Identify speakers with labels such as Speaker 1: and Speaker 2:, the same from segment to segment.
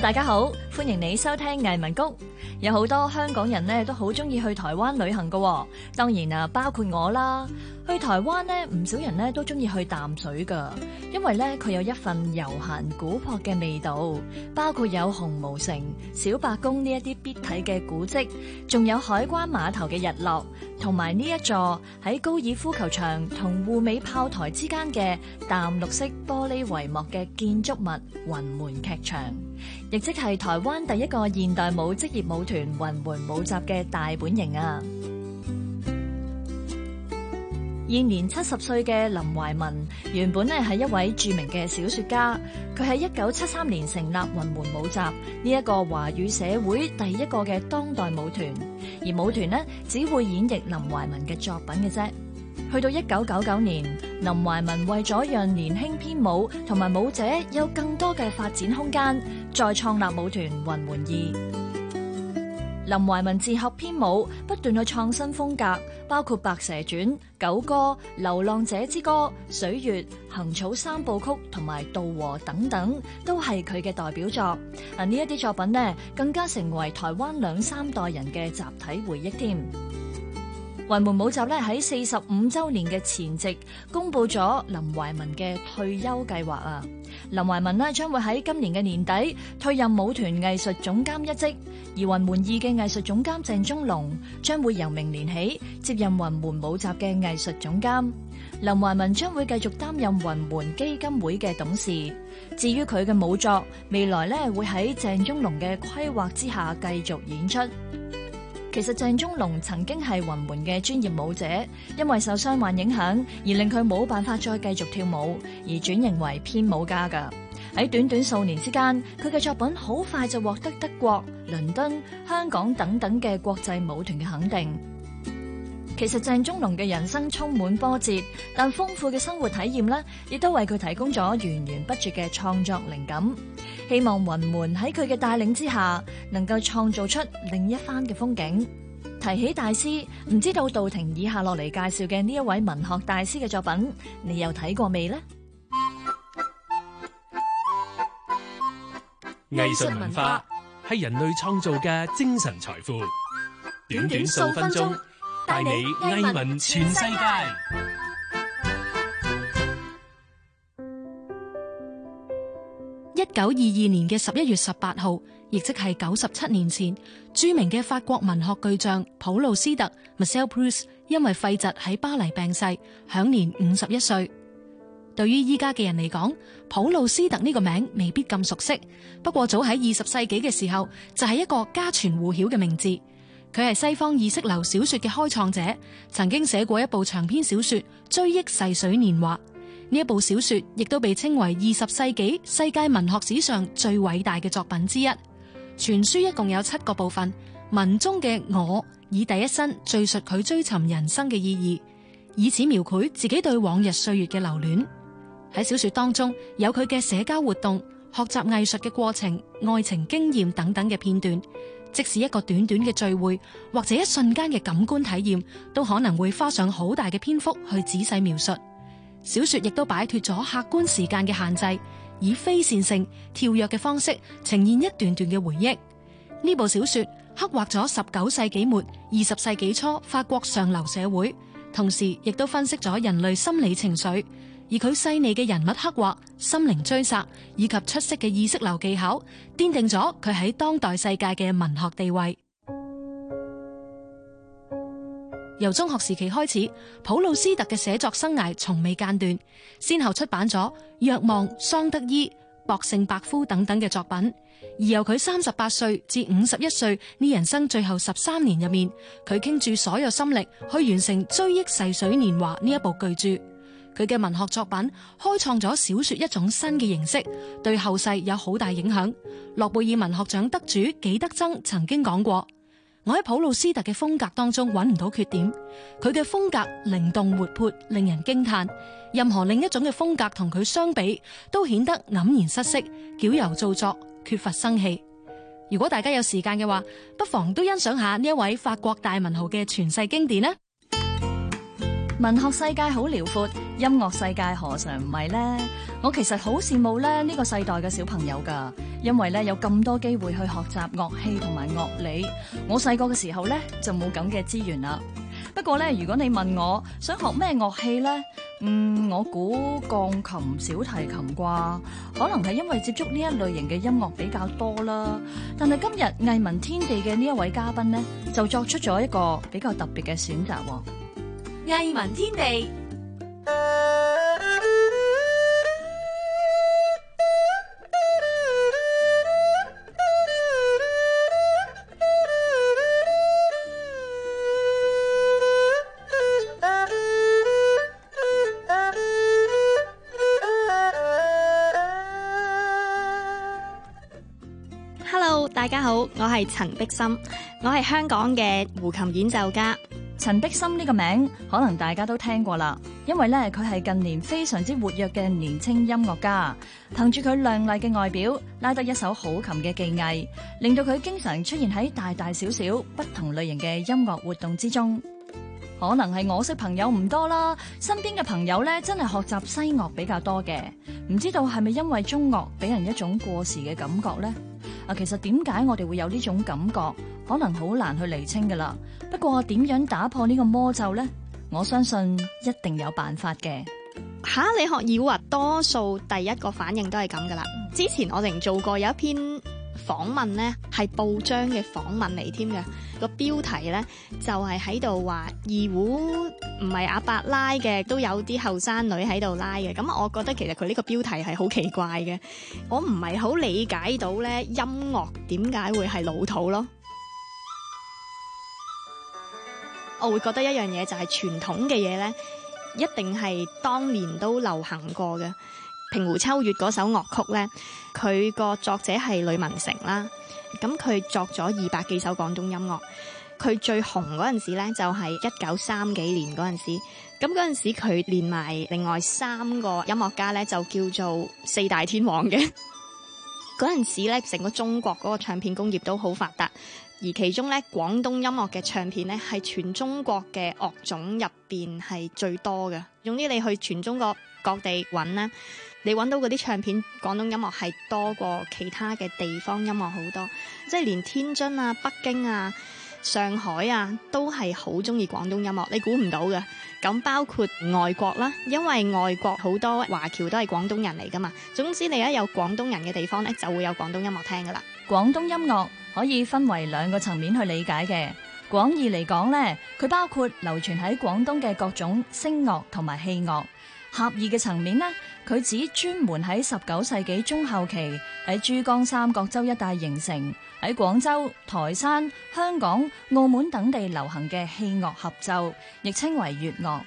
Speaker 1: 大家好，歡迎你收聽藝文谷。有好多香港人咧都好中意去台灣旅行噶喎，當然啊，包括我啦。去台灣咧，唔少人咧都中意去淡水㗎，因為咧佢有一份悠閒古樸嘅味道，包括有紅毛城、小白宮呢一啲必睇嘅古蹟，仲有海關碼頭嘅日落，同埋呢一座喺高爾夫球場同滬尾炮台之間嘅淡綠色玻璃帷幕嘅建築物雲門劇場，亦即係台灣第一個現代舞職業舞團雲門舞集嘅大本營啊！現年七十歲嘅林懷民，原本咧係一位著名嘅小說家。佢喺一九七三年成立雲門舞集，呢一、這個華語社會第一個嘅當代舞團。而舞團呢，只會演繹林懷民嘅作品嘅啫。去到一九九九年，林懷民為咗讓年輕編舞同埋舞者有更多嘅發展空間，再創立舞團雲門二。林懷民自合編舞，不斷去創新風格，包括《白蛇傳》《九歌》《流浪者之歌》《水月》《行草三部曲》同埋《渡和》等等，都係佢嘅代表作。啊，呢一啲作品咧，更加成為台灣兩三代人嘅集體回憶添。雲門舞集咧喺四十五周年嘅前夕，公布咗林懷民嘅退休計劃啊！林懷民咧將會喺今年嘅年底退任舞團藝術總監一職，而雲門二嘅藝術總監鄭中龍將會由明年起接任雲門舞集嘅藝術總監。林懷民將會繼續擔任雲門基金會嘅董事。至於佢嘅舞作，未來咧會喺鄭中龍嘅規劃之下繼續演出。其實鄭中龍曾經係雲門嘅專業舞者，因為受傷患影響而令佢冇辦法再繼續跳舞，而轉型為編舞家㗎。喺短短數年之間，佢嘅作品好快就獲得德國、倫敦、香港等等嘅國際舞團嘅肯定。其實鄭中龍嘅人生充滿波折，但豐富嘅生活體驗呢，亦都為佢提供咗源源不絕嘅創作靈感。希望雲門喺佢嘅帶領之下，能夠創造出另一番嘅風景。提起大師，唔知道道庭以下落嚟介紹嘅呢一位文學大師嘅作品，你又睇過未呢？
Speaker 2: 藝術文化係 人類創造嘅精神財富。短短數分鐘，帶你藝文全世界。一九二二年嘅十一月十八號，亦即係九十七年前，著名嘅法國文學巨匠普魯斯特 （Michele l p r u s t 因為肺疾喺巴黎病逝，享年五十一歲。對於依家嘅人嚟講，普魯斯特呢個名未必咁熟悉，不過早喺二十世紀嘅時候就係、是、一個家傳戶曉嘅名字。佢係西方意識流小說嘅開創者，曾經寫過一部長篇小說《追憶逝水年華》。呢一部小說亦都被稱為二十世紀世界文學史上最偉大嘅作品之一。全書一共有七個部分，文中嘅我以第一身敘述佢追尋人生嘅意義，以此描繪自己對往日歲月嘅留戀。喺小說當中，有佢嘅社交活動、學習藝術嘅過程、愛情經驗等等嘅片段，即使一個短短嘅聚會，或者一瞬間嘅感官體驗，都可能會花上好大嘅篇幅去仔細描述。小說亦都擺脫咗客觀時間嘅限制，以非線性跳躍嘅方式呈現一段段嘅回憶。呢部小說刻畫咗十九世紀末二十世紀初法國上流社會，同時亦都分析咗人類心理情緒。而佢細膩嘅人物刻畫、心靈追殺以及出色嘅意識流技巧，奠定咗佢喺當代世界嘅文學地位。由中學時期開始，普魯斯特嘅寫作生涯從未間斷，先後出版咗《若望》、《桑德伊》、《駁聖伯夫》等等嘅作品。而由佢三十八歲至五十一歲呢人生最後十三年入面，佢傾注所有心力去完成《追憶逝水年華》呢一部巨著。佢嘅文學作品開創咗小說一種新嘅形式，對後世有好大影響。諾貝爾文學獎得主紀德曾曾經講過。我喺普魯斯特嘅風格當中揾唔到缺點，佢嘅風格靈動活潑，令人驚嘆。任何另一種嘅風格同佢相比，都顯得黯然失色、矯揉造作、缺乏生氣。如果大家有時間嘅話，不妨都欣賞下呢一位法國大文豪嘅傳世經典啦。文學世界好遼闊。音樂世界何嘗唔係
Speaker 1: 呢？我其實好羨慕呢呢個世代嘅小朋友噶，因為呢有咁多機會去學習樂器同埋樂理。我細個嘅時候呢就冇咁嘅資源啦。不過呢，如果你問我想學咩樂器呢，嗯，我估鋼琴、小提琴啩，可能係因為接觸呢一類型嘅音樂比較多啦。但係今日藝文天地嘅呢一位嘉賓呢，就作出咗一個比較特別嘅選
Speaker 2: 擇。藝文天地。
Speaker 3: Hello，大家好，我係陳璧沁，我係香港嘅胡琴演奏家。陳
Speaker 1: 璧沁呢個名，可能大家都聽過啦。因為咧，佢係近年非常之活躍嘅年輕音樂家，憑住佢靚麗嘅外表，拉得一手好琴嘅技藝，令到佢經常出現喺大大小小不同類型嘅音樂活動之中。可能係我識朋友唔多啦，身邊嘅朋友咧真係學習西樂比較多嘅，唔知道係咪因為中樂俾人一種過時嘅感覺呢？啊，其實點解我哋會有呢種感覺，可能好難去釐清噶啦。不過點樣打破呢
Speaker 3: 個魔咒呢？我相信一定有辦法嘅嚇，你學二胡話，多數第一個反應都係咁噶啦。之前我仲做過有一篇訪問呢，係報章嘅訪問嚟添嘅，個標題呢就係喺度話二胡唔係阿伯拉嘅，都有啲後生女喺度拉嘅。咁我覺得其實佢呢個標題係好奇怪嘅，我唔係好理解到呢音樂點解會係老土咯。我會覺得一樣嘢就係、是、傳統嘅嘢呢一定係當年都流行過嘅《平湖秋月》嗰首樂曲呢佢個作者係呂文成啦。咁佢作咗二百幾首廣東音樂，佢最紅嗰陣時呢，就係一九三幾年嗰陣時。咁嗰陣時佢連埋另外三個音樂家呢，就叫做四大天王嘅。嗰 陣時呢，成個中國嗰個唱片工業都好發達。而其中咧，廣東音樂嘅唱片咧，係全中國嘅樂種入邊係最多嘅。總之你去全中國各地揾啦，你揾到嗰啲唱片，廣東音樂係多過其他嘅地方音樂好多。即係連天津啊、北京啊、上海啊，都係好鍾意廣東音樂，你估唔到嘅。咁包括外國啦，因為外國好多華僑都係廣東人嚟噶嘛。總之你一有廣東人嘅地方咧，就會有廣東音樂聽噶啦。廣東音樂可以分為兩個層面去理解嘅。廣義嚟講咧，佢包括
Speaker 1: 流傳喺廣東嘅各種聲樂同埋器樂，狹義嘅層面咧，佢只專門喺十九世紀中後期喺珠江三角洲一帶形成，喺廣州、台山、香港、澳門等地流行嘅器樂合奏，亦稱為粵樂。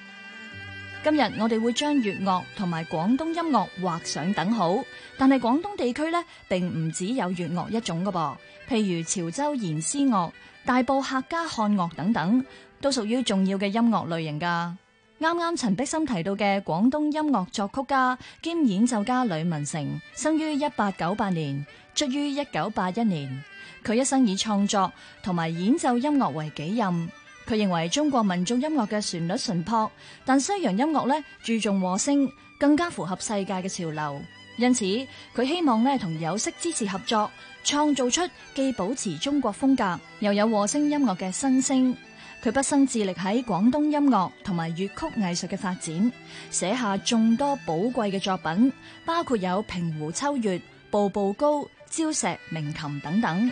Speaker 1: 今日我哋會將粵樂同埋廣東音樂劃上等號，但係廣東地區呢，並唔只有粵樂一種噶噃。譬如潮州弦詩樂、大埔客家漢樂等等，都屬於重要嘅音樂類型噶。啱啱陳璧沁提到嘅廣東音樂作曲家兼演奏家呂文成，生於一八九八年，卒於一九八一年。佢一生以創作同埋演奏音樂為己任。佢認為中國民族音樂嘅旋律淳朴，但西洋音樂呢，注重和聲，更加符合世界嘅潮流。因此，佢希望呢，同有識之士合作，創造出既保持中國風格，又有和聲音樂嘅新聲。佢畢生致力喺廣東音樂同埋粵曲藝術嘅發展，寫下眾多寶貴嘅作品，包括有《平湖秋月》《步步高》《蕉石鳴琴》等等。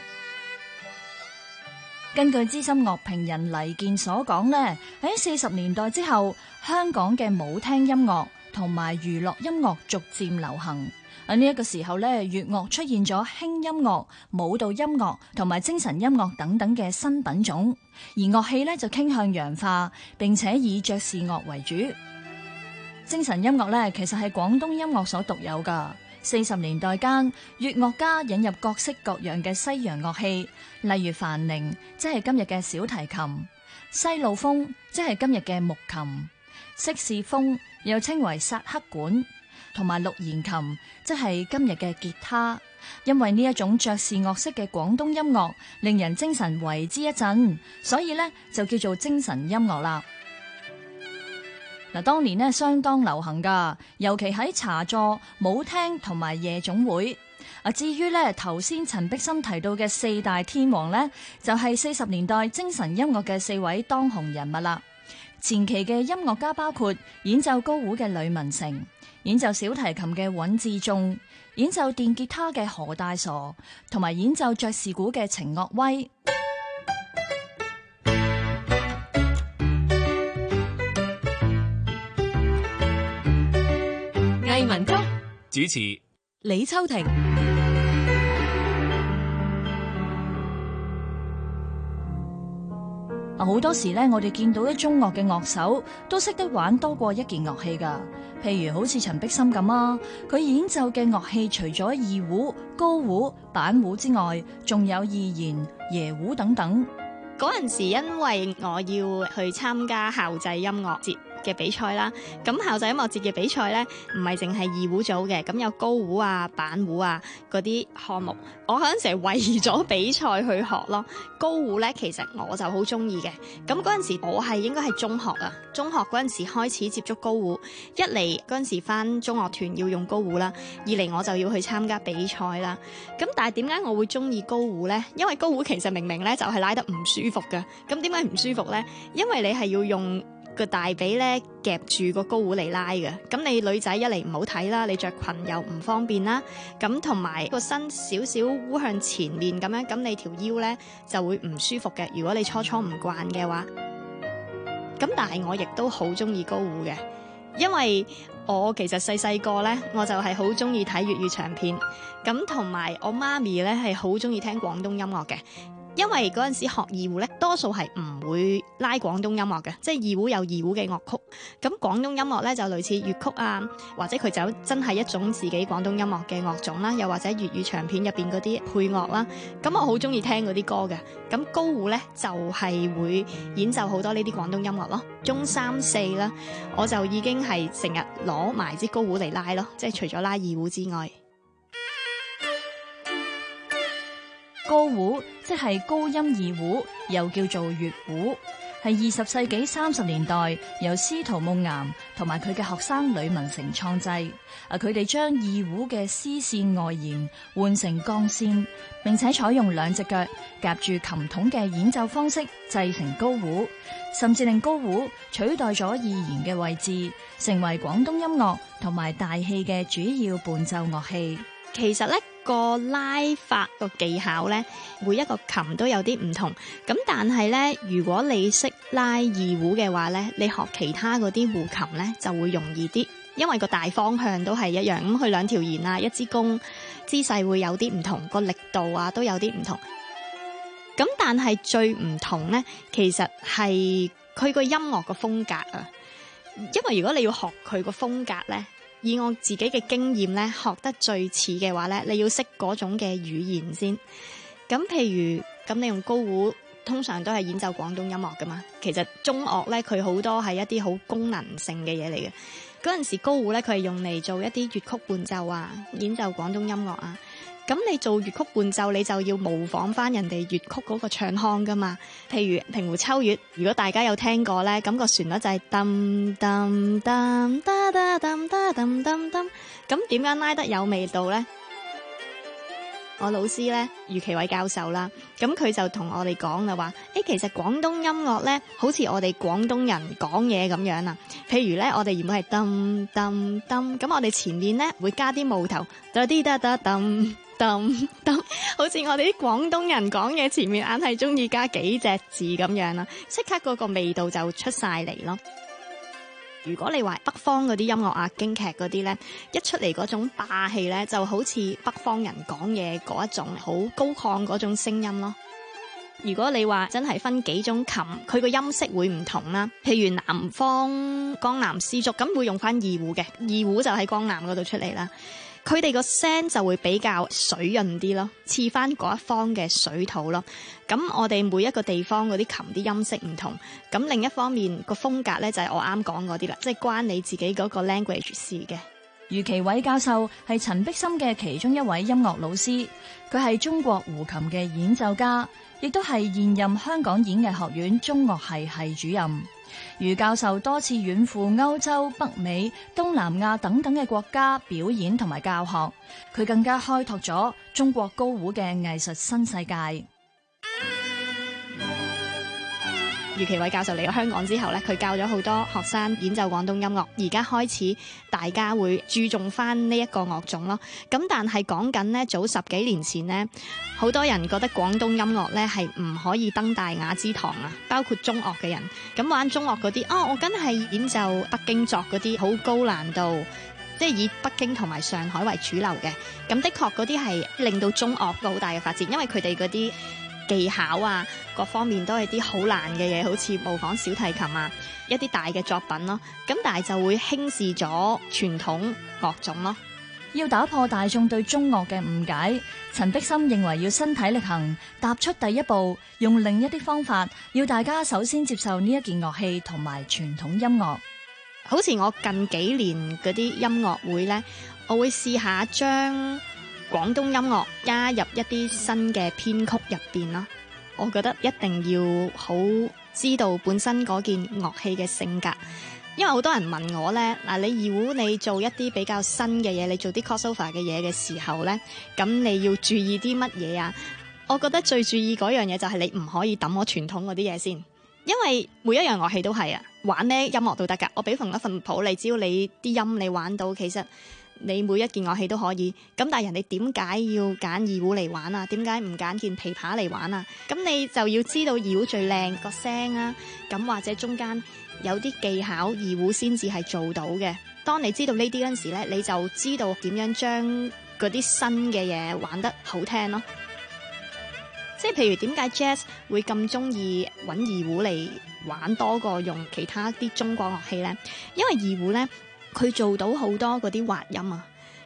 Speaker 1: 根據資深樂評人黎健所講呢，喺四十年代之後，香港嘅舞廳音樂同埋娛樂音樂逐漸流行。喺呢一個時候咧，粵樂出現咗輕音樂、舞蹈音樂同埋精神音樂等等嘅新品種，而樂器咧就傾向洋化，並且以爵士樂為主。精神音樂咧，其實係廣東音樂所獨有噶。四十年代間，粵樂家引入各式各樣嘅西洋樂器，例如梵鈴，即係今日嘅小提琴；西路風，即係今日嘅木琴；色士風，又稱為薩克管。同埋六弦琴，即係今日嘅吉他。因為呢一種爵士樂式嘅廣東音樂，令人精神為之一振，所以呢就叫做精神音樂啦。嗱，當年呢相當流行噶尤其喺茶座、舞廳同埋夜總會。啊，至於呢頭先陳璧沁提到嘅四大天王呢，就係四十年代精神音樂嘅四位當紅人物啦。前期嘅音樂家包括演奏高胡嘅呂文成。演奏小提琴嘅尹志仲，演奏電吉他嘅何大傻，同埋演奏爵士鼓嘅程樂威。
Speaker 2: 藝文谷主持李秋婷。
Speaker 1: 好多時咧，我哋見到一中樂嘅樂手都識得玩多過一件樂器噶，譬如好似陳璧沁咁啊，佢演奏嘅樂器除咗二胡、高胡、板胡之外，仲有
Speaker 3: 二弦、椰胡等等。嗰陣時，因為我要去參加校際音樂節。嘅比賽啦，咁校際音樂節嘅比賽咧，唔係淨係二胡組嘅，咁有高胡啊、板胡啊嗰啲項目。我嗰陣時係為咗比賽去學咯。高胡咧，其實我就好中意嘅。咁嗰陣時我，我係應該係中學啊，中學嗰陣時開始接觸高胡。一嚟嗰陣時返中樂團要用高胡啦，二嚟我就要去參加比賽啦。咁但係點解我會中意高胡呢？因為高胡其實明明咧就係拉得唔舒服嘅。咁點解唔舒服呢？因為你係要用個大髀咧夾住個高胡嚟拉嘅咁你女仔一嚟唔好睇啦，你着裙又唔方便啦，咁同埋個身少少彎向前面咁樣，咁你條腰咧就會唔舒服嘅。如果你初初唔慣嘅話，咁但係我亦都好中意高胡嘅，因為我其實細細個咧，我就係好中意睇粵語長片，咁同埋我媽咪咧係好中意聽廣東音樂嘅。因為嗰陣時學二胡咧，多數係唔會拉廣東音樂嘅，即係二胡有二胡嘅樂曲。咁廣東音樂咧就類似粵曲啊，或者佢就真係一種自己廣東音樂嘅樂種啦，又或者粵語長片入邊嗰啲配樂啦。咁我好中意聽嗰啲歌嘅。咁高胡咧就係會演奏好多呢啲廣東音樂咯。中三四啦，我就已經係成日攞埋支高胡嚟拉咯，即係除咗拉二胡之外。高
Speaker 1: 胡即係高音二胡，又叫做粵胡，係二十世紀三十年代由司徒夢岩同埋佢嘅學生呂文成創製。啊，佢哋將二胡嘅絲線外弦換成鋼線，並且採用兩隻腳夾住琴筒嘅演奏方式，製成高胡，甚至令高胡取代咗二弦嘅位置，成為廣東音樂同埋大戲嘅主
Speaker 3: 要伴奏樂器。其實咧，個拉法個技巧咧，每一個琴都有啲唔同。咁但係咧，如果你識拉二胡嘅話咧，你學其他嗰啲胡琴咧就會容易啲，因為個大方向都係一樣。咁佢兩條弦啊，一支弓，姿勢會有啲唔同，個力度啊都有啲唔同。咁但係最唔同咧，其實係佢個音樂個風格啊。因為如果你要學佢個風格咧。以我自己嘅經驗咧，學得最似嘅話咧，你要識嗰種嘅語言先。咁譬如咁，你用高胡，通常都係演奏廣東音樂㗎嘛。其實中樂咧，佢好多係一啲好功能性嘅嘢嚟嘅。嗰陣時高胡咧，佢係用嚟做一啲粵曲伴奏啊，演奏廣東音樂啊。咁你做粵曲伴奏，你就要模仿翻人哋粵曲嗰個唱腔噶嘛。譬如《平湖秋月》，如果大家有聽過呢，咁個旋律就係噔噔噔噠噠噔噠噔噔噔。咁點解拉得有味道呢？我老師呢，余其偉教授啦，咁佢就同我哋講啦話，誒，其實廣東音樂呢，好似我哋廣東人講嘢咁樣啊。譬如呢，我哋原本係噔噔噔，咁我哋前面呢會加啲冒頭，噠啲噠噠噔。 好似我哋啲廣東人講嘢前面硬係中意加幾隻字咁樣啦，即刻嗰個味道就出晒嚟咯。如果你話北方嗰啲音樂啊，京劇嗰啲呢，一出嚟嗰種霸氣呢，就好似北方人講嘢嗰一種好高亢嗰種聲音咯。如果你話真係分幾種琴，佢個音色會唔同啦。譬如南方江南絲竹，咁會用翻二胡嘅，二胡就喺江南嗰度出嚟啦。佢哋個聲就會比較水潤啲咯，似翻嗰一方嘅水土咯。咁我哋每一個地方嗰啲琴啲音色唔同。咁另一方面個風格咧就係我啱講嗰啲啦，即係關你自己嗰個 language 事嘅。余其偉教授係陳璧沁嘅其中一位音樂老師，佢係中國胡琴嘅演
Speaker 1: 奏家，亦都係現任香港演藝學院中樂系系主任。余教授多次遠赴歐洲、北美、東南亞等等嘅國家表演同埋教學，佢更加開拓咗中國高胡嘅藝術新世界。
Speaker 3: 余其偉教授嚟咗香港之後咧，佢教咗好多學生演奏廣東音樂，而家開始大家會注重翻呢一個樂種咯。咁但係講緊呢，早十幾年前呢，好多人覺得廣東音樂呢係唔可以登大雅之堂啊，包括中樂嘅人。咁玩中樂嗰啲，哦，我梗係演奏北京作嗰啲好高難度，即係以北京同埋上海為主流嘅。咁的確嗰啲係令到中樂好大嘅發展，因為佢哋嗰啲。技巧啊，各方面都係啲好難嘅嘢，好似模仿小提琴啊，一啲大嘅作品咯、啊。咁但係就會輕視咗傳統樂種咯、啊。要打破大眾對中樂嘅誤解，陳璧沁認為要身體力行，
Speaker 1: 踏出第一步，用另一啲方法，要大家首先接受呢一件樂器同埋
Speaker 3: 傳統音樂，好似我近幾年嗰啲音樂會咧，我會試下將廣東音樂加入一啲新嘅編曲入邊咯，我覺得一定要好知道本身嗰件樂器嘅性格，因為好多人問我呢：「嗱你二胡你做一啲比較新嘅嘢，你做啲 crossover 嘅嘢嘅時候呢，咁你要注意啲乜嘢啊？」我覺得最注意嗰樣嘢就係你唔可以抌我傳統嗰啲嘢先，因為每一樣樂器都係啊，玩咩音樂都得噶。我俾份一份譜你，只要你啲音你玩到，其實。你每一件樂器都可以，咁但係人哋點解要揀二胡嚟玩啊？點解唔揀件琵琶嚟玩啊？咁你就要知道二胡最靚個聲啊，咁或者中間有啲技巧，二胡先至係做到嘅。當你知道呢啲嗰陣時咧，你就知道點樣將嗰啲新嘅嘢玩得好聽咯。即係譬如點解 Jazz 會咁中意揾二胡嚟玩多過用其他啲中國樂器呢？因為二胡呢。佢做到好多嗰啲滑音啊！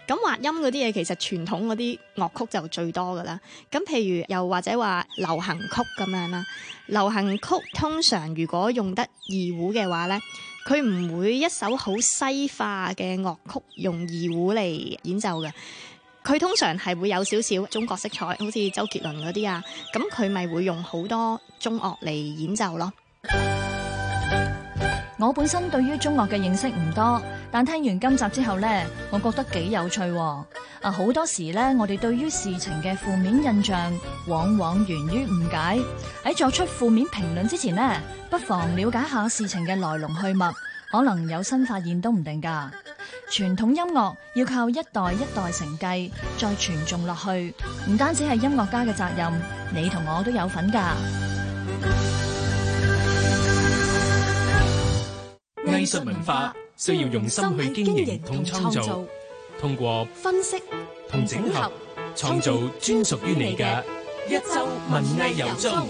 Speaker 3: 咁滑音嗰啲嘢，其實傳統嗰啲樂曲就最多噶啦。咁譬如又或者話流行曲咁樣啦，流行曲通常如果用得二胡嘅話咧，佢唔會一首好西化嘅樂曲用二胡嚟演奏嘅。佢通常係會有少少中國色彩，好似周杰倫嗰啲啊，咁佢咪會用好多中樂嚟演奏咯。
Speaker 1: 我本身對於中樂嘅認識唔多，但聽完今集之後呢，我覺得幾有趣。啊，好多時呢，我哋對於事情嘅負面印象，往往源於誤解。喺作出負面評論之前呢，不妨了解下事情嘅來龍去脈，可能有新發現都唔定噶。傳統音樂要靠一代一代承繼，再傳頌落去，唔單止係音樂家嘅責任，你同我都有份噶。
Speaker 2: 藝術
Speaker 4: 文化需要用心去經營
Speaker 1: 同創造，
Speaker 4: 通過
Speaker 2: 分析同整合，創造專屬於你嘅一周文藝遊蹤。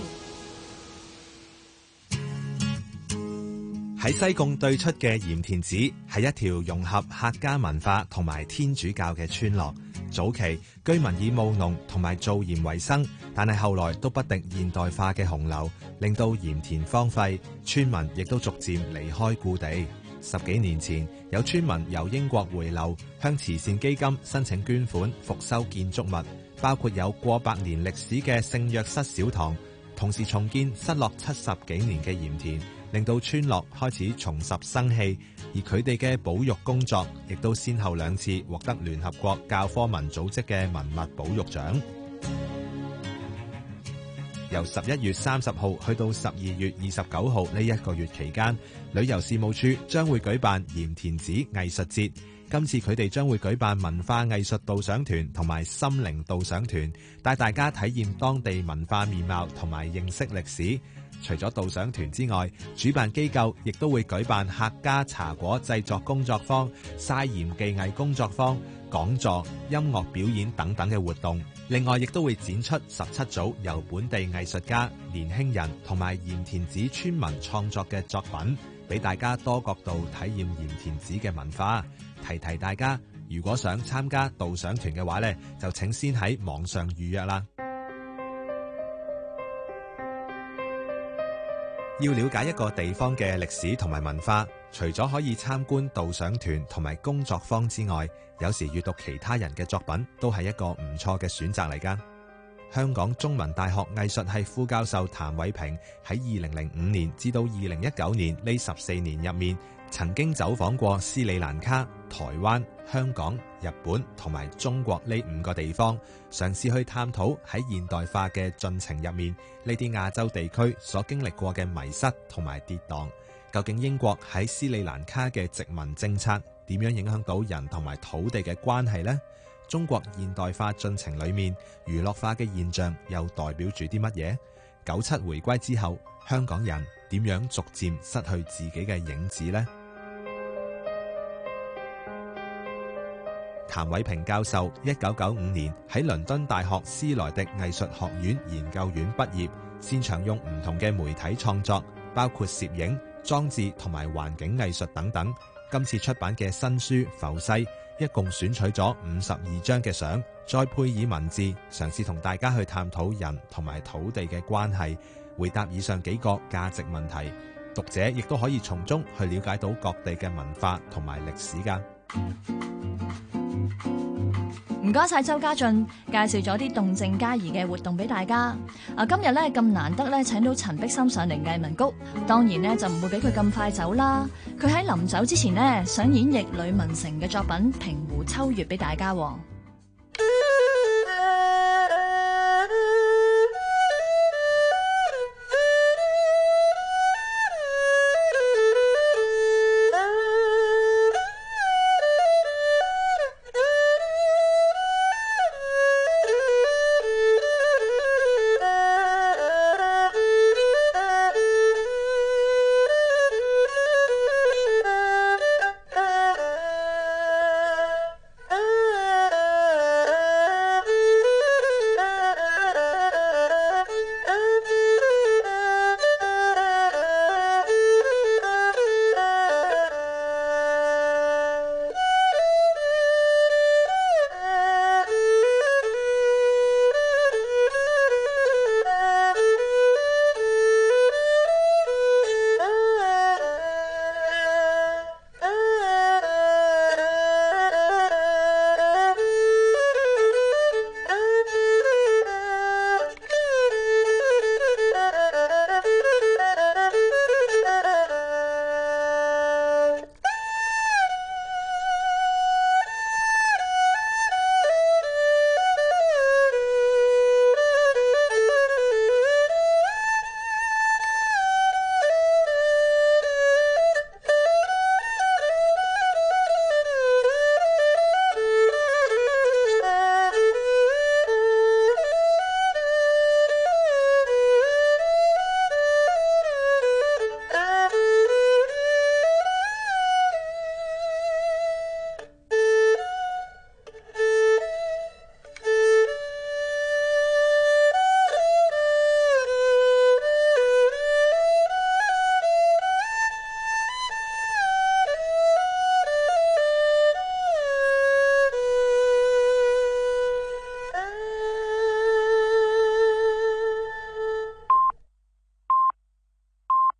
Speaker 4: 喺西貢對出嘅鹽田梓，係一條融合客家文化同埋天主教嘅村落。早期居民以務農同埋造鹽為生，但係後來都不敵現代化嘅洪流，令到鹽田荒廢，村民亦都逐漸離開故地。十幾年前，有村民由英國回流，向慈善基金申請捐款，復修建築物，包括有過百年歷史嘅聖約瑟小堂，同時重建失落七十幾年嘅鹽田，令到村落開始重拾生氣。而佢哋嘅保育工作，亦都先後兩次獲得聯合國教科文組織嘅文物保育獎。由十一月三十號去到十二月二十九號呢一個月期間，旅遊事務處將會舉辦鹽田子藝術節。今次佢哋將會舉辦文化藝術導賞團同埋心靈導賞團，帶大家體驗當地文化面貌同埋認識歷史。除咗導賞團之外，主辦機構亦都會舉辦客家茶果製作工作坊、曬鹽技藝工作坊、講座、音樂表演等等嘅活動。另外，亦都會展出十七組由本地藝術家、年輕人同埋鹽田子村民創作嘅作品，俾大家多角度體驗鹽田子嘅文化。提提大家，如果想參加導賞團嘅話咧，就請先喺網上預約啦。要了解一個地方嘅歷史同埋文化，除咗可以參觀導賞團同埋工作坊之外，有時閱讀其他人嘅作品都係一個唔錯嘅選擇嚟噶。香港中文大學藝術系副教授譚偉平喺二零零五年至到二零一九年呢十四年入面。曾經走訪過斯里蘭卡、台灣、香港、日本同埋中國呢五個地方，嘗試去探討喺現代化嘅進程入面，呢啲亞洲地區所經歷過嘅迷失同埋跌宕，究竟英國喺斯里蘭卡嘅殖民政策點樣影響到人同埋土地嘅關係呢？中國現代化進程裏面娛樂化嘅現象又代表住啲乜嘢？九七回歸之後，香港人點樣逐漸失去自己嘅影子呢？譚偉平教授一九九五年喺倫敦大學斯萊迪藝術學院研究院畢業，擅長用唔同嘅媒體創作，包括攝影、裝置同埋環境藝術等等。今次出版嘅新書《浮世》，一共選取咗五十二張嘅相，再配以文字，嘗試同大家去探討人同埋土地嘅關係，回答以上幾個價值問題。讀者亦都可以從中去了解到各地嘅文化同埋歷史㗎。
Speaker 1: 唔該晒周家俊，介紹咗啲動靜皆宜嘅活動俾大家。啊，今日咧，咁難得咧，請到陳璧沁上嚟藝文谷，當然咧就唔會俾佢咁快走啦。佢喺臨走之前呢，想演繹呂文成嘅作品《平湖秋月》俾大家。